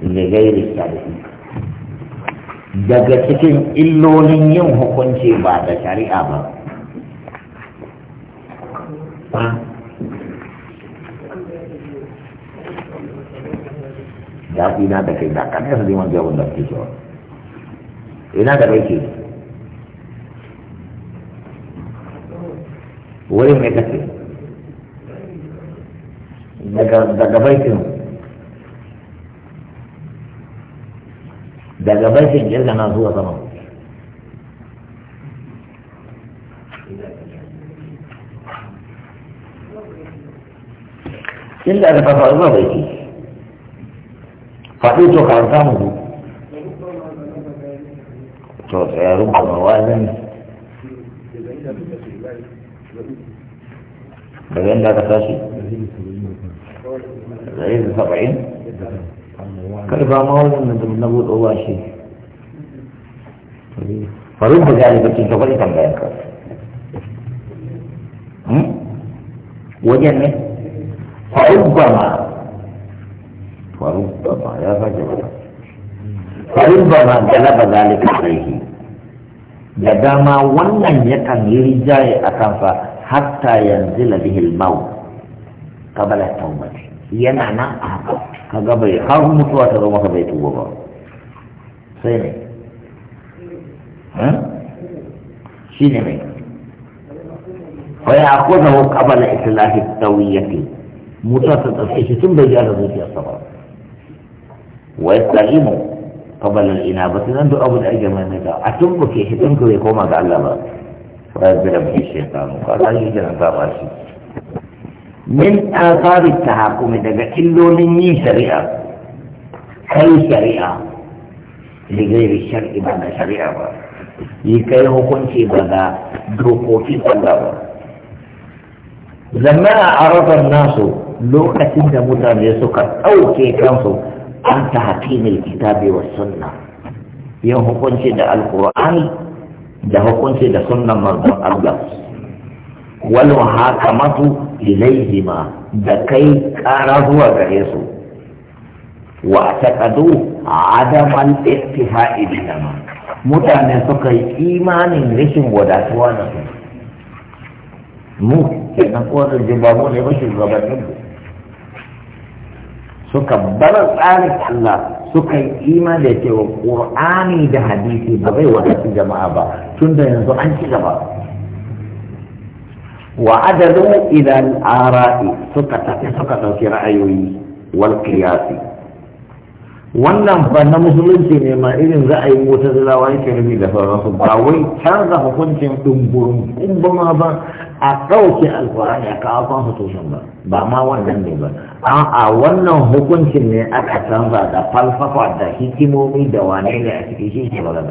ligairi shari'a daga cikin illolin yin hukunci ba da shari'a ba ya fi na da kai dakar kan yasa neman jawon da ke cewa ina da kai ke wurin mai kace daga baitin daga bashin kirga na zuwa sama illa da fafa zuwa bai ce faɗi to ka karanta mu to tsayarun kuma wazin daga yadda ka tashi zai da saba'in karfa ma wannan da na buɗo ba shi farin da gani bakin ta kwari tambayan ka hmm? wajen ne farubbama farubbama ya sake ba farubbama galaba zalika alaihi da dama wannan ya kan yi rijaye a kansa hatta yanzu labihin mau kabala ta'umati yana nan a haka kaga bai har mutuwa ta zama ka bai tuba ba sai ne eh? shi ne mai faya ko da wa kabala islahi tawiyati mutuwa ta tafi shi tun bai gyara zuciyarsa ba wa yastaqimu ina ba sai nan duk abu da ake mai mai a tun buke shi tun bai koma ga Allah ba fa rabbi shaytanu qala yajran ta ba shi min asarin tahakumi daga illolin yin shari'a kai shari'a ligairin shari'i ba na shari'a ba yi kai hukunci ba da dokoki Allah ba zama a arafar nasu lokacin da mutane suka ɗauke kansu an ta hakimin kitabi wa sunna yin hukunci da alkur'ani da hukunci da sunnan manzon Allah wal muhakamatu ilaihima da kai kara zuwa gare su wa taqadu adam al ittifa'i bihima mutane suka yi imanin rashin wadatuwa na su mu na ko da jibabu ne ba shugabannin suka bar tsarin Allah suka yi iman da cewa ƙur'ani da hadisi ba zai wadatu jama'a ba tun da yanzu an ci gaba wa adadu ila al-ara'i suka tafi suka ra'ayoyi wal wannan ba na musulunci ne ma irin za ra'ayin wata zilawa yake rubi da sauransu ba wai canza hukuncin dumburin kumbama ba a ɗauke alkurani a kawo constitution ba ba ma wannan ne ba a wannan hukuncin ne aka canza da falsafa da hikimomi da wane ne a cikin shi ke magana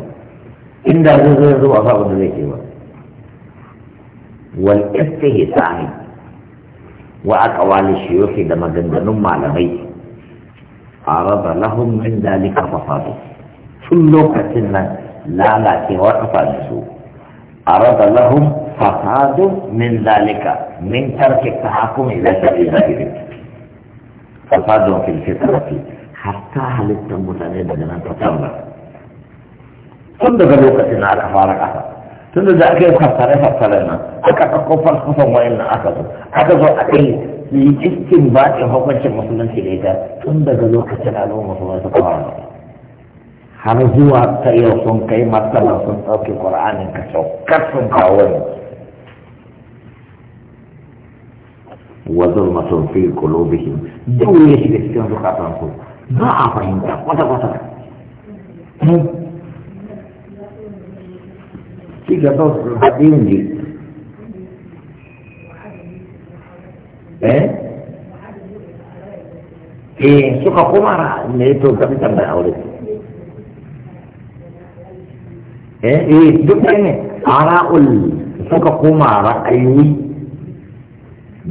inda zai zai zo a sabon da zai ke ba والاستهتان وأقوال الشيوخ دم جندنم معلمي عرض لهم من ذلك فصاد كل كتنا لا لا توقف نسو عرض لهم فساد من ذلك من ترك التحكم إلى شيء ظاهر فساد في الفترة حتى هل التمتنين دنا تتمر كل بلوكة على أفارق أفارق tunda da aka yi fassare-fassare nan aka kakko falsafan wayan nan aka zo aka zo a kai su yi cikin baɗin hukuncin musulunci da ita tun daga lokacin al'ummar musulunci suka fara har zuwa ta yau sun kai martaba sun ɗauke ƙur'anin ka saukar sun kawo ne wa zulmatun fi qulubihim duk ne shi da cikin zukatansu ba a fahimta kwata-kwata ci gaba su haɗe ne eh eh suka kuma ne to gabi tambayi aure eh eh duk ne ara'ul suka koma ra'ayoyi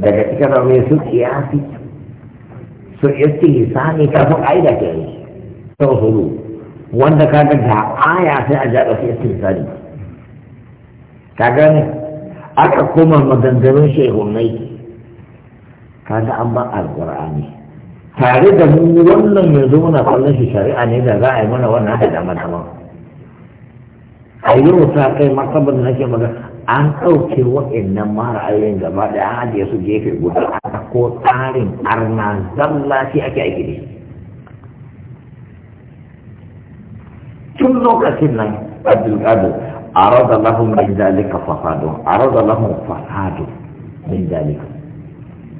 daga cikin rame su kiyasi su istihsani kafin aida ke yi sau wanda ka da aya sai a jaɗa su istihsani ka gane aka koma maganganun shehunai ga an ba alkur'ani tare da mu wannan zo muna kallon shi shari'a ne da za a yi mana wannan da dama dama a yau ta kai martabar da nake magana an ɗauke mara ayoyin gaba da an ajiye su gefe guda a ko tsarin arna zalla shi ake aiki da tun lokacin nan abdulkadir arada lahum min zalika فساد arada lahum فساد min zalika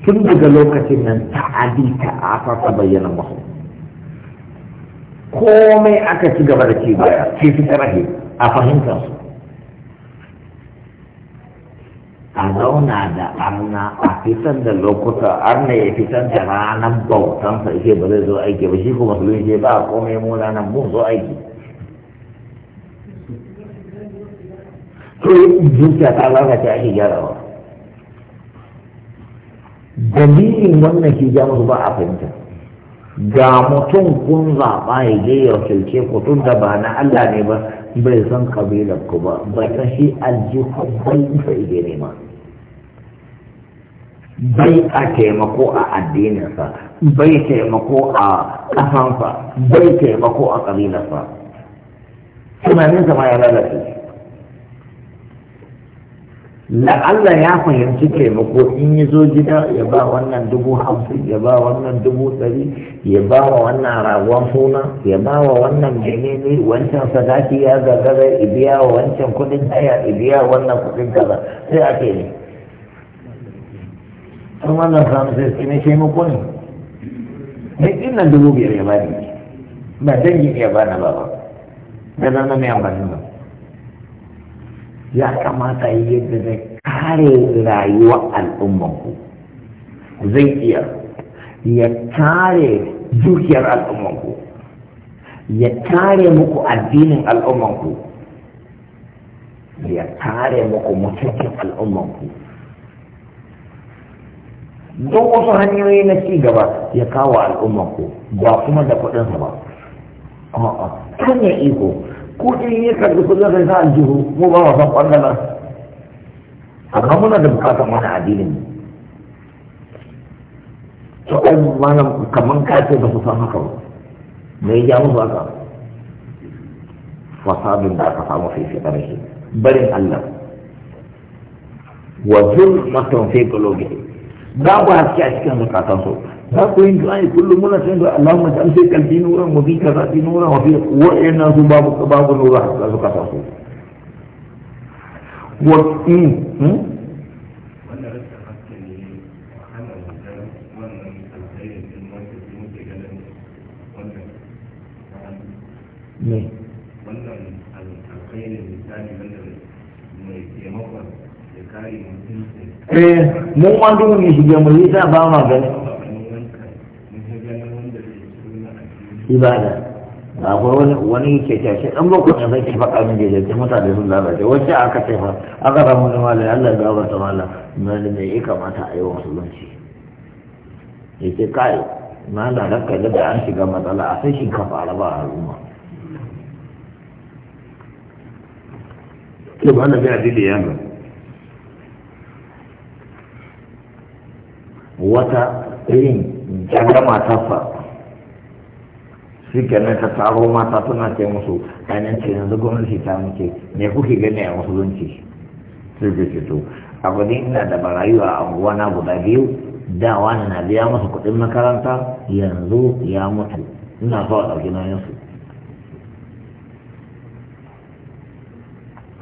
tun daga lokacin nan ta adika afa ta bayyana musu komai aka ci gaba da ci baya sai su tsarahe a fahimtar su a zauna da arna a fitar da lokuta arna ya fitar da ranar bautansa ike ba zai zo aiki ba shi kuma musulunci ba komai mu ranar mu zo aiki ko zuciya ta lalace ake gyarawa dalilin wannan ke ja ba a fahimta ga mutum kun zaɓa ya je ya wakilce ku tun da ba na Allah ne ba bai san kabilar ku ba ba ta shi aljihu bai isa ije ne ma bai a taimako a addininsa bai taimako a ƙasansa bai taimako a ƙabilarsa tunaninsa ma ya lalace la Allah ya fahimci taimako in yi zo gida ya ba wannan dubu hamsin ya ba wannan dubu ɗari ya ba wa wannan ragon suna ya ba wa wannan menene wancan sadaki ya gagara ya biya wa wancan kudin haya ya biya wannan kudin kaza sai a ce ne an wannan samun sai su ne taimako ne ne ɗin dubu biyar ya ba ni ba dangin ya ba na ba ba da zama mai amfani ba ya kamata yi yadda zai kare rayuwar al'ummanku zai iya ya kare dukiyar al'ummanku ya kare muku addinin al'ummanku ya kare muku mutuncin al'ummanku don wasu hanyoyi na ci gaba ya kawo al'ummanku ba kuma da kuɗinsa ba a'a kan ya iko ko in yi karbi kudin sai sa aljihu mu ba wa san ɓangaren amma muna da bukatar wani addinin to ai mana kaman ka ce ba su san haka ba me ya ba ka? fasadin da aka samu fi fitarhi barin Allah wa zulmatun fi qulubihim babu haske a cikin zukatan su za ku yin du'a kullum muna san da Allahumma ta sai kalbi nura mu bi kaza bi nura wa bi wa'ina su babu babu nura a zukatan su wa in hmm? eh mun wanda mu shi ga mu yi ta ba ma gani ibada ba ko wani wani ke ta shi dan boko ne sai fa kamin da da mutane sun lalace wacce aka ce fa aka ramu da malai Allah ya ba ta mala mai ne ya kamata a yi wa musulunci yace kai na da ranka da an shiga matsala a sai shi ka fara ba al'umma ke ba na ga dalili yanga wata irin jaga fa shi kenan ta taro mata suna ce musu ainihin ce yanzu gwamnati ta muke me kuke gani a musulunci sai ce ce to abu ne ina da barayuwa a unguwa na guda biyu da wani na biya masa kuɗin makaranta yanzu ya mutu ina so a ɗauki nauyinsu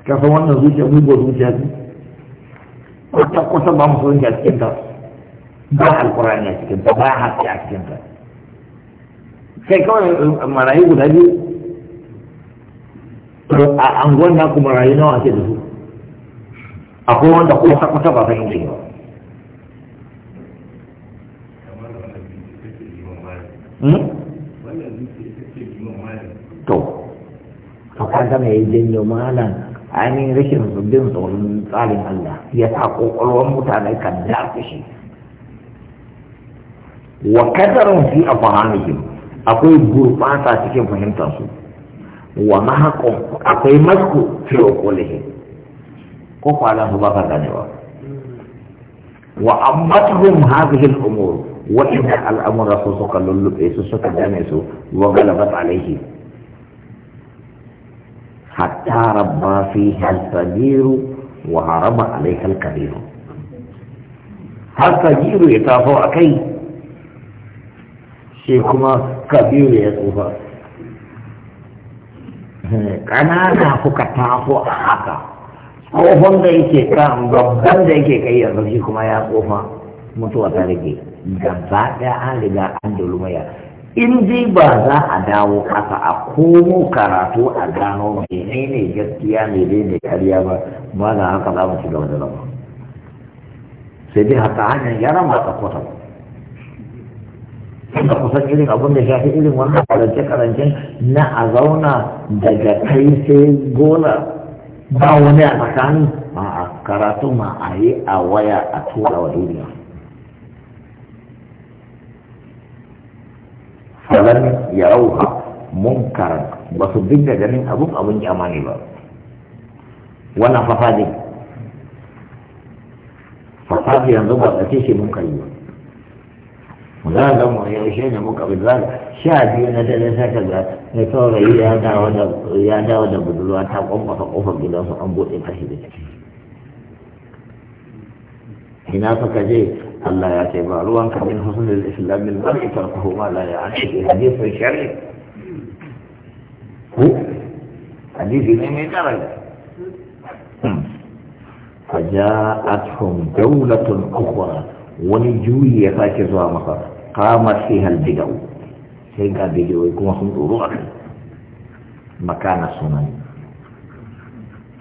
kasan wannan zuciya mugu zuciya ce kwata-kwata ba musulunci a cikin ta ba alkurani a cikin ta ba haske a cikin ta sai kawai eh, marayu guda biyu a anguwan na ku marayu nawa ake da su akwai wanda kuma kwata ba san yake ba hmm? to a kwanta mai janyo malam ainihin rashin bin tsoron tsarin Allah ya sa kokolwan mutane kan dakushe wa kadarun fi afhamihim akwai gurbata cikin fahimtar su wa mahaqu akwai masku fi uqulihim ko kwala su ba ka ganewa wa ammatuhum hadhihi al-umur wa inna al-amra su suka lullube su suka dame su wa galabat alayhi hatta rabba fiha al-sabiru wa harama alayha al-kabiru har sabiru ya taso akai shi kuma kabiru ya tsufa ƙanana kuka taho a haka tsofon da yake kan babban da yake kai yanzu shi kuma ya tsufa. mutuwa ta rage gaba ɗaya an riga an dulmaya in dai ba za a dawo ƙasa a komo karatu a gano menene gaskiya ne dai da karya ba ba za haka za mu ci gaba da sai dai haka hanyar yaran ba Ka kusan irin abin da shafi irin wannan karance-karancen na a zauna daga kai sai gona ba wani a tsakani a karatu ma a yi a waya a tura wa duniya falan ya rauha munkaran ba su da ganin abun abun kyamani ba wannan fasadi fasadi yanzu ba a ce shi mun ba هذا امر يعيشين مقابل ذلك شاهد يونس الإنسان كذا يتوقع يا داود بدلوا أن تبقى أمه فقفا بلا سعنبوت إن أشهد هنا فكذي الله يعتبر روانك من حسن الإسلام المرء تركه ما لا يعني الحديث في الشرع حديث من من درجة فجاءتهم دولة أخرى wani juyi ya sake zuwa masa kama sai halbidau sai ga bidiyoyi kuma sun tsoro a kai makana sunani.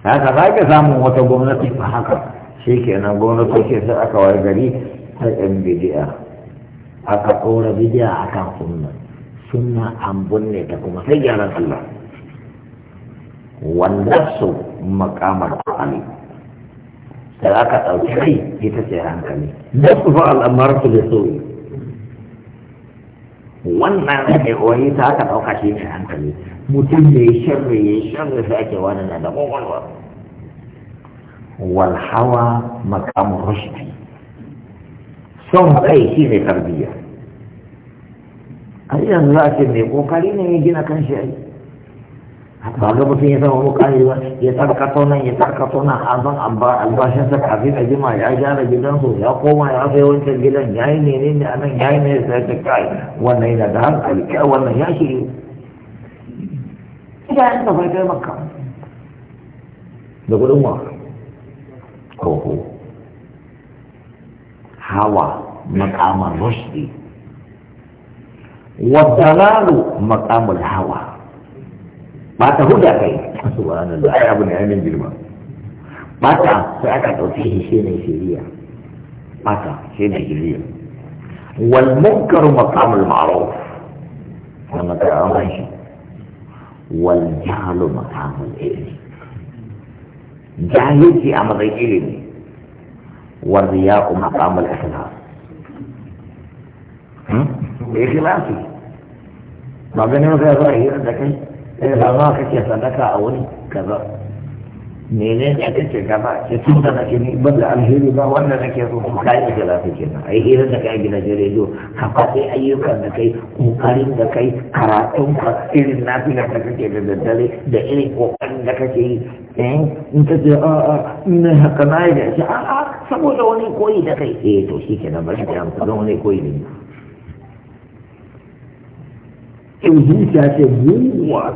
haka za ka samu wata gwamnati ba haka shi kenan gwamnati ke sai aka waye gari ta yan bidiya aka ɗora bidiya a kan sunna sunna an bunne ta kuma sai gyaran Allah wanda su makamar ta'ali da za ka ɗauki kai ita ce hankali da su fa al'amar su da so wannan ne wani ta ka ɗauka shi ne hankali mutum da ya shirri ya shirri sai ake wani na da ƙwaƙwalwa walhawa makamu rushdi son kai shi ne tarbiyya a yanzu a ce mai ƙoƙari ne ya gina kan shi ai راغب فيه فهو مقايل يتركتون يتركتون حاضر الباشا سك حبيب أجمع يا جانا جدنه يا قوما يا عفي وانت الجلن جايني لني أنا جايني سيتك كاي وانا إلى دهر الكا وانا ياشي جاي انت فايت مكة بقول أمه كوهو هوا مقام الرشد والدلال مقام الهوى ba ta huda kai subhanallah ai abu ne ainihin girma ba ta sai aka ɗauke shi shi ne shiriya ba ta shi ne shiriya wal munkar maqamul ma'ruf wannan ta an shi wal jahlu maqamul ilmi jahilci a matsayin ilimi wal riya'u maqamul ikhlas ikhlasi ba ganin ka zo a hira da kai sai eh, ma kake sadaka a wuri kaza mene ne kake gaba ke tun da nake ni ban da alheri ba wannan nake so ku kai da lafiya nan, ai hira da kai gina jere do ka faɗi ayyukan da kai kokarin da kai karatun ka irin lafiya da kake da daddare da irin kokarin da kake yi eh in ka ce a a ina haka na yi da shi a a saboda wani koyi da kai eh to shi kenan ba shi da amsa don wani koyi ne in zuciya ce buwa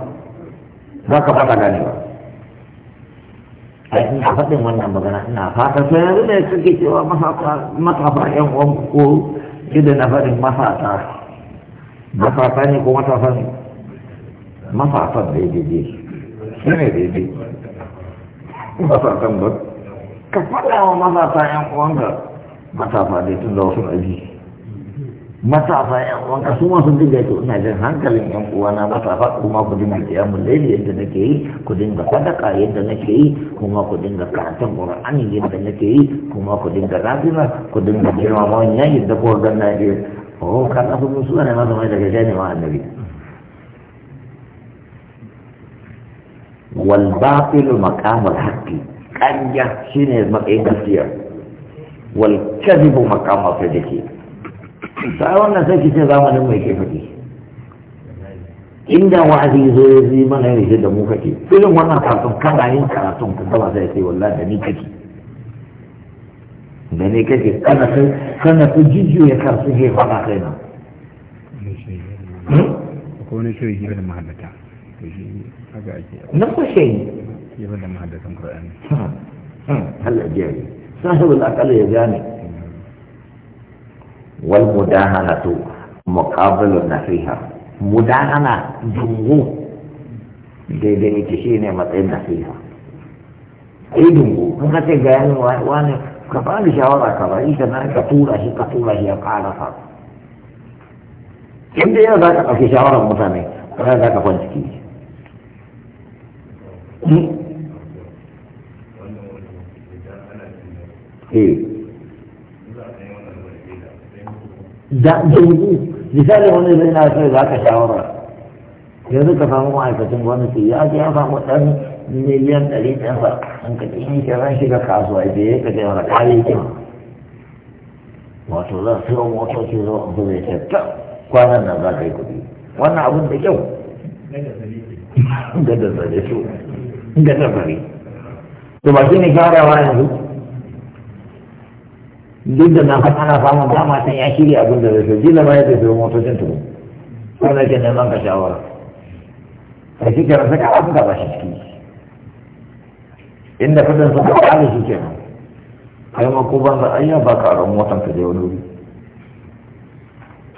za ka faɗa gane ba ai ina faɗin wannan magana ina fata sai yanzu ne suke cewa matasa yan uwan ko da na faɗin matasa matasa ne ko matasa ne matasan daidai shi ne daidai matasan ba ka faɗa wa matasa yan uwanka matasa dai tun da wasu aji matasa yan wanka su masu diga to ina jin hankalin yan uwana matasa kuma ku dinga kiyamun laili yadda nake yi ku dinga sadaka yadda nake yi kuma ku dinga karatun qur'ani yadda nake yi kuma ku dinga lafiya ku dinga girmama wannan yadda ku ga na ke. oh kana su musu ne ma zama daga jani ma annabi wal batil maqamul haqqi kanya shine matsayin gaskiya wal kadhibu maqamul sadiqi sai wannan sai kice zamanin mai ke fadi inda wa'azi zo ya zai mana ne da mu kake filin wannan karatun kana yin karatun ka gaba zai sai wallahi da ni kake da ni kake kana sai kana ku jijiyo ya karsu ke faɗa kai na hmm? ko ne shirin yi da mahallata to shi haka ake na ko shi yi da mahallatan qur'ani hmm. Hmm. Allah ya ji sai sahibul aqal ya gane wal mudahanatu muqabilu nasiha mudahana dungu daidai yake shi ne matsayin nasiha ai dungu in ka ce ga yanin wani ka bani shawara ka ba ita na ka tura shi ka tura shi ya karasa inda yau za ka ɗauki shawarar mutane ranar za ka kwanci ki Eh. da dangi misali wani zai na sai za ka shawara yanzu ka samu ma'aikacin gwamnati ya ake ya samu ɗan miliyan ɗari sa an ka ɗin shi ran shiga kasuwa da ya kaje wani kima wato zan siyo motoci zo in zube ce ta kwanan nan za ka yi kuɗi wannan abin da kyau da zare su gada zare to ba shi ne farawa yanzu duk da na faɗa ana samun dama can ya shirya abin da zai so jila ba ya zai zo motocin tuku kuma ke neman ka shawara a cikin rasa ka abin da ba shi ciki inda kudin sun ka kare shi ke nan kai ma ko ban za a ba ka aron motan ka je wani wuri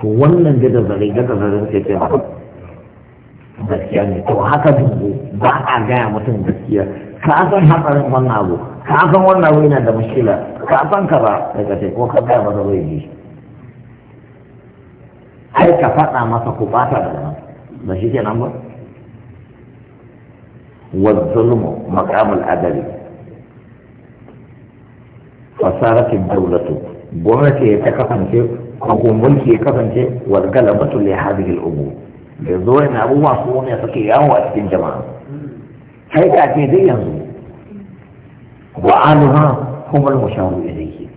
to wannan da da zare da zare ke ce gaskiya ne to haka dubu ba a gaya mutum gaskiya ka san hatsarin wannan abu ka san wannan abu yana da mashkila ka ban ka ba sai ka ce ko ka gaya masa zai ji ai ka faɗa masa ku bata da nan ba shi kenan ba والظلم adali, العدل فصارت الدولة gwamnati ta kasance ko mulki ya kasance wal galabatu li hadhihi al umur da zo yana abubuwa ko ne suke yawo a cikin jama'a sai ka ce dai yanzu wa anuha هم المشار إليه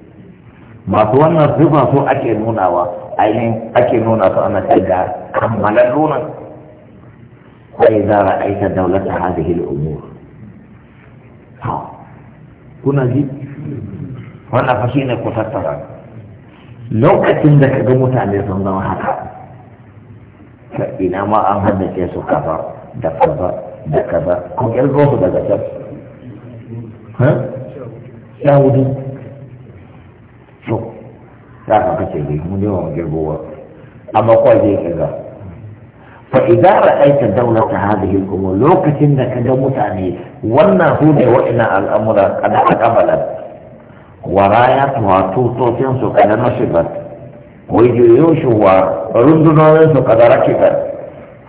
ما توانا الرضا سو أكي نونا و أين أكي نونا فأنا تلقى كمالا نونا فإذا رأيت دولة هذه الأمور ها كنا جيب وانا فشينا كتترى لو كتن لك جموت عن الزنزم هكذا فإنا ما أمهد كيسو كذا da kaza da kaza ko ƙirgo su daga can فاذا رأيت دولة هذه الأمور لو كتنا كذا متعني وانا هنا وإنا الأمر قد أقبل ورايات واتو توتين سو قد نشبت ويجو يوشو ورندو نوين سو قد ركبت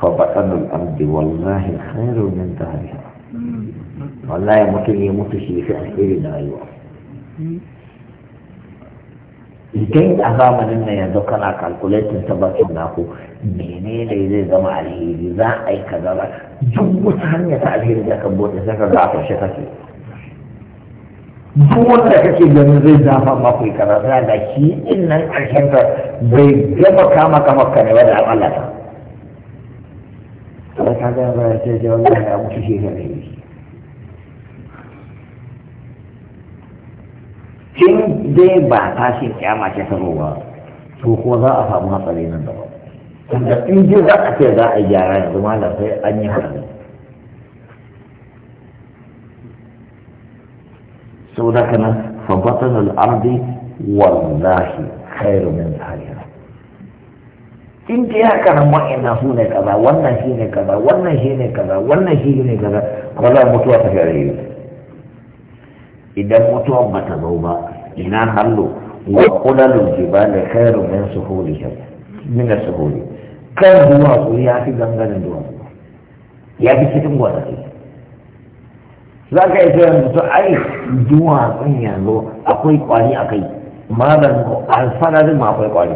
فبطن الأرض والله خير من دارها والله متن يمتشي في الخير دائما idan a zamanin na yanzu kana calculating ta bakin naku mene ne zai zama alheri za a yi kaza ba duk wata hanya ta alheri da ka bude sai ka ga a kashe kake duk wanda kake ganin zai zafa maku yi kaza sai da shi in nan karshen ka bai gama kama kama ka ne ba da Allah ta. Sai ka ga ba sai da ya mutu shi ne. in dai ba tashin kyama ce ba? to ko za a samu hatsari nan da ba? tunda in ji za a ce za a gyara yanzu malam sai an yi hatsari sau da kana fabatan al'ardi wallahi khairu min zahariya in dai haka nan wa'annan su ne kaza wannan shi ne kaza wannan shi ne kaza wannan shi ne kaza wala mutuwa ta fi alheri idan mutuwan ba ta zo ba ina hallo wa kulalun jibali khairu min suhulihim min suhuli kan duwatsu ya fi ganganin duwatsu ya fi cikin gwanaki za ka yi sayan mutu ai sun yanzu akwai kwari a kai malam alfararin ma akwai kwari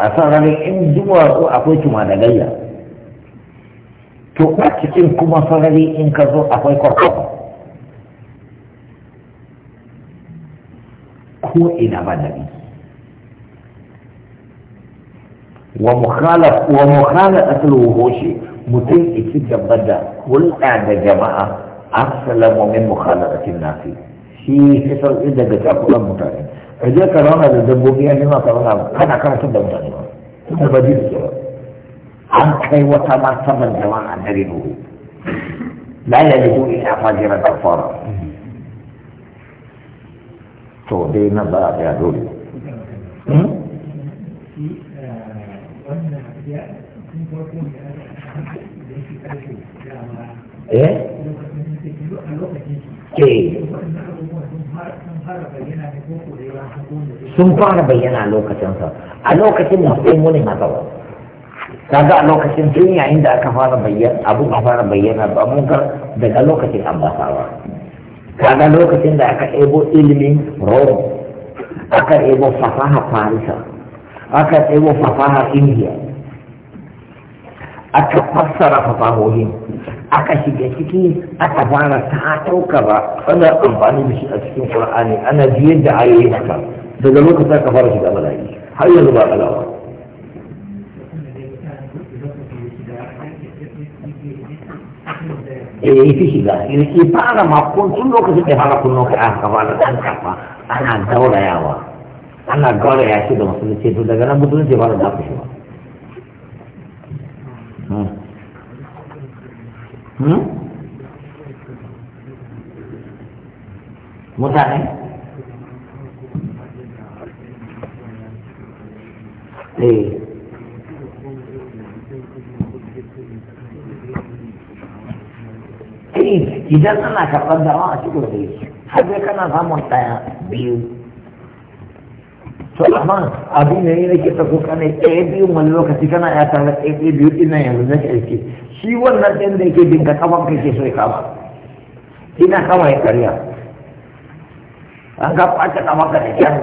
a sararin in duwatsu akwai cuma da gayya to a cikin kuma sarari in ka zo akwai kwarkwata ko ina ba daɗi wa mukhalaf wa mukhalaf aslu hoshi mutum ya ci gaba da hulɗa da jama'a assalamu min mukhalafatin nasi shi ya sauki daga cakulan mutane ka je ka rauna da dabbobi an nema ka rauna kana karatun da mutane ba tunda ba ji da an kai wata ma saman jama'a dare nuhu la yalidu ila fajiran kafara to dai na ba ya dole hmm? eh? Eh. sun fara bayyana a lokacinsa a lokacin na sai muni na gaba kaga a lokacin tun yayin da aka fara bayyana abu a fara bayyana ba mun daga lokacin an ba kaga lokacin da aka ebo ilimin rome aka ebo fasaha farisa aka ebo fasaha india aka fassara fasahohin aka shiga ciki aka fara ta tauka ba ana amfani da shi a cikin qur'ani ana biyar da ayoyi haka daga lokacin aka fara shiga malayi har yanzu ba alawa da ya yi fi shiga yake fara makon tun lokacin da fara kunno ka aka fara dan kafa ana gaurayawa ana gauraya shi da musulunci to daga nan musulunci ba da shi ba hmm. Hmm? mutane eh idan ana karɓar dawa a cikin da yake har dai kana samun ɗaya biyu to amma abin da ne nake ta kokana ɗaya biyu wani lokaci kana ya tare ɗaya biyu ina yanzu na ƙarfi shi wannan ɗin da yake binka kafan kai ke so ya kama ina kama ya karya an ka kwace kama ka da kyan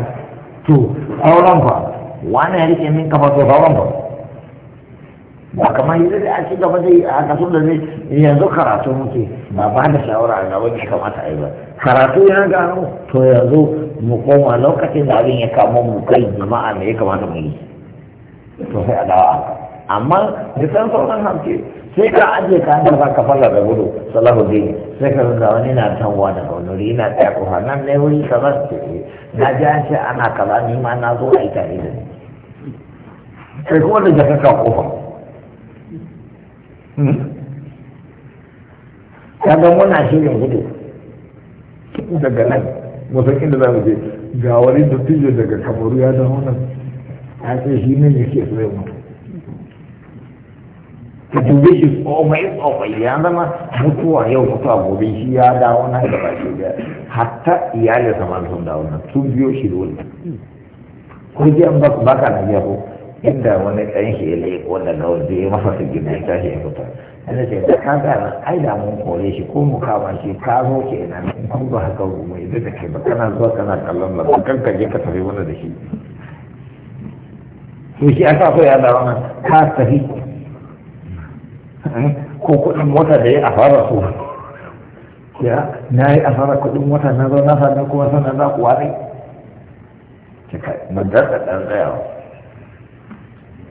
to auren fa wani ya rike min kafa to sauran fa kamar yadda da ake gaba da yi a haka sun da ne yanzu karatu muke ba ba da shawara a gaba da kamata a yi ba karatu ya gano to yanzu mu koma lokacin da abin ya kamo mu kai jama'a me ya kamata mu yi to sai a dawa amma da san sauran hamke sai ka aje ka da ba ka fara da gudu salahu din sai ka ga wani na wa da wani na tsaya kofa nan ne wuri ce na ji an ce ana kaza ni ma na zo a yi tare da ni sai kuma da jaka ka kofa kaga hmm? muna shirin hudu daga nan musan inda za mu je ga wani dattijo daga kamaru ya dawo nan ya ce shi ne ne ke sai mutu ka dube shi tsofai tsofai ya zama mutuwa yau mutuwa gobe shi ya dawo nan da ba shi da hatta iyalin sama sun dawo nan tun biyo shi dole ko jiyan ba ka na biya ko inda wani ɗan shi ya na daga waje ya masa su gina ya tashi ya fita yana ce da ka gara ai da mun kore shi ko mu kama shi ka zo ke min kun ba haka mai ya duka ke ba kana zuwa kana kallon ba kan ka je ka tafi wani da shi to shi a so ya da wani ka tafi eh, ko kuɗin mota da ya a fara so ya na yi a fara kuɗin mota na zo na sanar kuma sanar za ku ware. Cika, mun da ɗan tsayawa.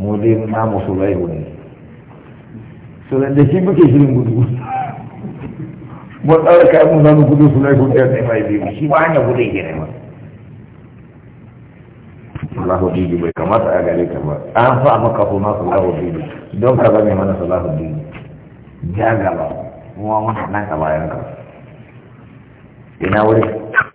mu dai namu sulaihu ne sunan da shi muke shirin gudu mu tsara kayan mu zamu gudu sulaihu da ne mai biyu shi ba hanya gudu ke ne ba Allahu dini bai kamata a gare ka ba an fa maka suna Allahu dini don ka zame mana Allahu dini ja gaba mu wa mun nan ka bayan ka ina wuri